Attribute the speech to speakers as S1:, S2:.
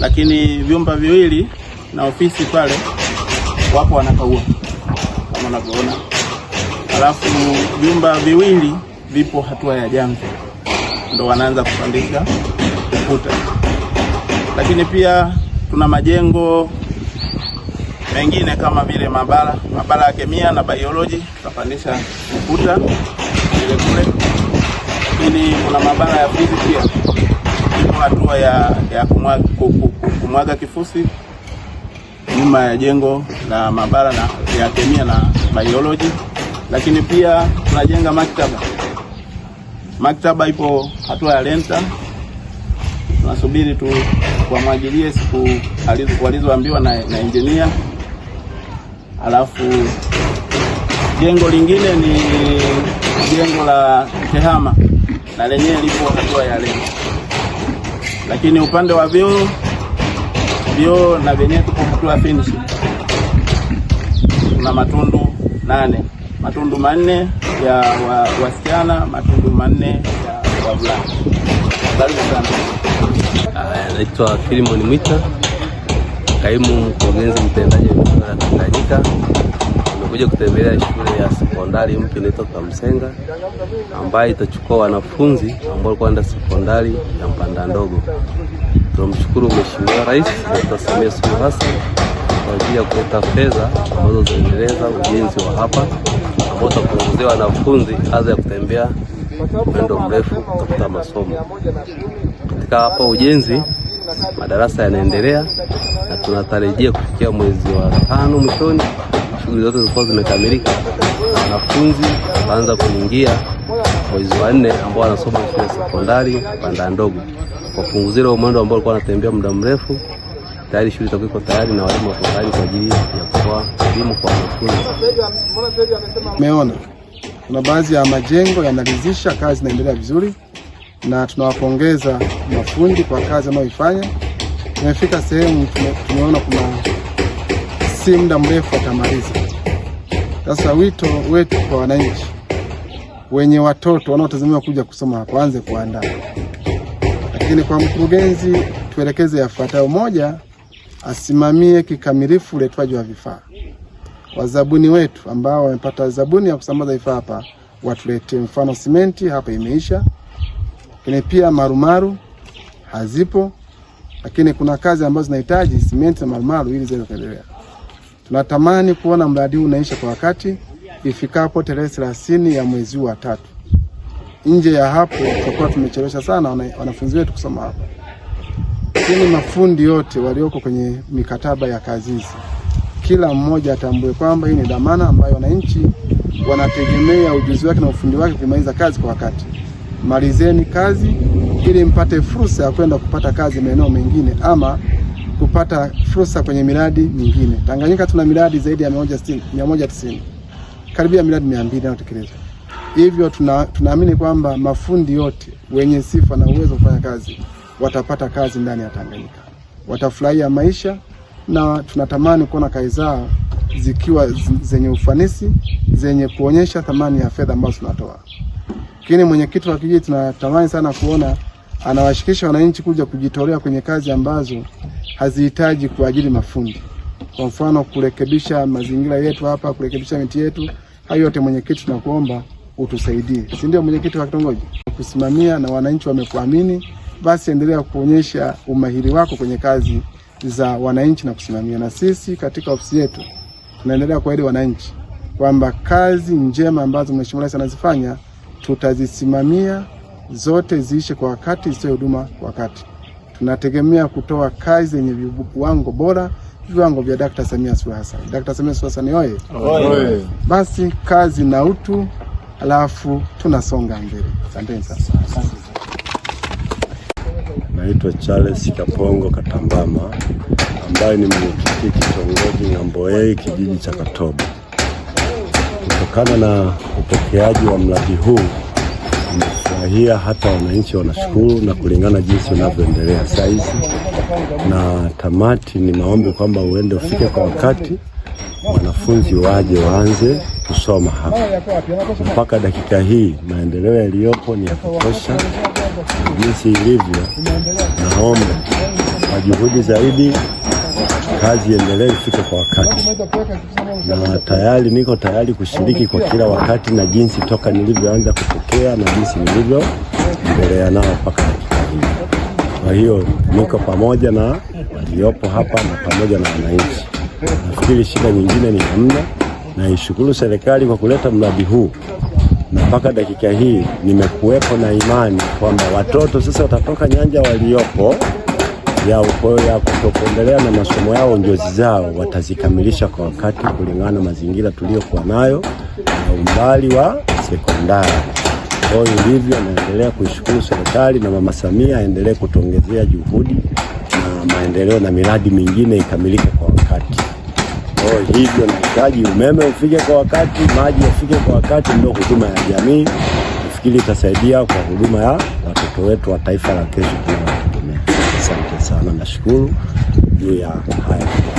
S1: lakini vyumba viwili na ofisi pale wapo wanakagua kama unavyoona, alafu vyumba viwili vipo hatua ya jango, ndo wanaanza kupandisha ukuta. Lakini pia tuna majengo mengine kama vile maabara, maabara ya kemia na biology tutapandisha ukuta vile kule, lakini kuna maabara ya fizikia hatua ya, ya kumwaga, kifusi nyuma ya jengo la maabara na ya kemia na biology, lakini pia tunajenga maktaba. Maktaba ipo hatua ya lenta, tunasubiri tu wamwagilie siku walizoambiwa na, na engineer. Alafu jengo lingine ni jengo la tehama na lenyewe lipo hatua ya lenta lakini upande wa vyoo vyoo na vyenyewe tuko hatua finish. Kuna matundu nane, matundu manne ya wa, wasichana, matundu manne ya wavulana. Karibu
S2: sana. Ah, naitwa Filimon Mwita, kaimu mkurugenzi mtendaji wa Tanganyika nimekuja kutembelea shule ya sekondari mpya inaitwa Kamsenga ambayo itachukua wanafunzi ambao walikuwa wanaenda sekondari ya Mpanda Ndogo. Tunamshukuru Mheshimiwa Rais Dr. Samia Suluhu Hassan kwa ajili ya kuleta fedha ambazo zinaendeleza ujenzi wa hapa ambao utapunguzia wanafunzi adha ya kutembea mwendo mrefu kutafuta masomo. Katika hapa ujenzi madarasa yanaendelea na tunatarajia kufikia mwezi wa tano mwishoni shughuli zote zilikuwa zimekamilika, wanafunzi wakaanza kuingia mwezi wa nne ambao wanasoma shule sekondari Banda Ndogo kwa punguzo mwendo ambao walikuwa wanatembea muda mrefu. Tayari shule itakuwa iko tayari na walimu wako tayari kwa ajili ya kutoa elimu kwa wanafunzi.
S3: Umeona, kuna baadhi ya majengo yanaridhisha, kazi inaendelea vizuri na tunawapongeza mafundi kwa kazi wanayoifanya. Tumefika sehemu tumeona kuna si muda mrefu atamaliza. Sasa wito wetu kwa wananchi wenye watoto wanaotazamiwa kuja kusoma hapa waanze kuandaa, lakini kwa mkurugenzi tuelekeze yafuatayo: moja, asimamie kikamilifu uletwaji wa vifaa. Wazabuni wetu ambao wamepata zabuni ya kusambaza vifaa hapa watulete mfano simenti hapa imeisha, lakini pia marumaru hazipo, lakini kuna kazi ambazo zinahitaji simenti na marumaru ili ziweze kuendelea. Tunatamani kuona mradi huu unaisha kwa wakati ifikapo tarehe thelathini ya mwezi wa tatu. Nje ya hapo tutakuwa tumechelewesha sana wanafunzi wetu kusoma hapa. Lakini mafundi yote walioko kwenye mikataba ya kazi hizi, kila mmoja atambue kwamba hii ni dhamana ambayo wananchi wanategemea ujuzi wake na ufundi wake kumaliza kazi kwa wakati. Malizeni kazi ili mpate fursa ya kwenda kupata kazi maeneo mengine ama kupata fursa kwenye miradi mingine. Tanganyika tuna miradi zaidi ya 190 karibia miradi 200 inayotekelezwa. Hivyo tuna, tunaamini kwamba mafundi yote wenye sifa na uwezo kufanya kazi watapata kazi ndani ya Tanganyika, watafurahia maisha na tunatamani kuona kazi zao zikiwa zenye ufanisi, zenye kuonyesha thamani ya fedha ambazo tunatoa. Lakini mwenyekiti wa kijiji tunatamani sana kuona anawashikisha wananchi kuja kujitolea kwenye kazi ambazo hazihitaji kuajiri mafundi. Kwa mfano kurekebisha mazingira yetu hapa, kurekebisha miti yetu, hayo yote mwenyekiti, tunakuomba utusaidie, si ndio mwenyekiti wa kitongoji? Kusimamia na wananchi wamekuamini, basi endelea kuonyesha umahiri wako kwenye kazi za wananchi na kusimamia. Na sisi katika ofisi yetu tunaendelea kuahidi wananchi kwamba kazi njema ambazo mheshimiwa rais anazifanya tutazisimamia zote ziishe kwa wakati, zitoe huduma kwa wakati tunategemea kutoa kazi yenye viwango bora, viwango vya Dakta Samia Suluhu Hassan. Samia Suluhu Hassan oye! Oye! Basi kazi na utu, alafu tunasonga mbele. Asanteni sana.
S4: Naitwa Charles Kapongo Katambama ambaye ni mwenyekiti kitongoji Ng'amboei kijiji cha Katobo. Kutokana na upokeaji wa mradi huu tumefurahia, hata wananchi wanashukuru na kulingana jinsi unavyoendelea saizi, na tamati ni maombi kwamba uende ufike kwa wakati, wanafunzi waje waanze kusoma hapa. Mpaka dakika hii maendeleo yaliyopo ni ya kutosha, jinsi ilivyo, naomba kwa juhudi zaidi kazi iendelee ifike kwa wakati, na tayari niko tayari kushiriki kwa kila wakati, na jinsi toka nilivyoanza kupokea na jinsi nilivyoendelea nao mpaka dakika hii. Kwa hiyo niko pamoja na waliopo hapa na pamoja na wananchi. Nafikiri shida nyingine ni hamna. Naishukuru serikali kwa kuleta mradi huu na mpaka dakika hii nimekuwepo na imani kwamba watoto sasa watatoka nyanja waliopo ya, ya kutokuendelea na masomo yao, njozi zao watazikamilisha kwa wakati kulingana na mazingira tuliyokuwa nayo na umbali wa sekondari. Kwa hiyo ndivyo naendelea kuishukuru serikali na Mama Samia aendelee kutuongezea juhudi na maendeleo na miradi mingine ikamilike kwa wakati. Kwa hivyo nahitaji umeme ufike kwa wakati, maji yafike kwa wakati, ndio huduma ya jamii. Nafikiri itasaidia kwa huduma ya watoto wetu wa taifa la kesho sana. Nashukuru juu ya haya.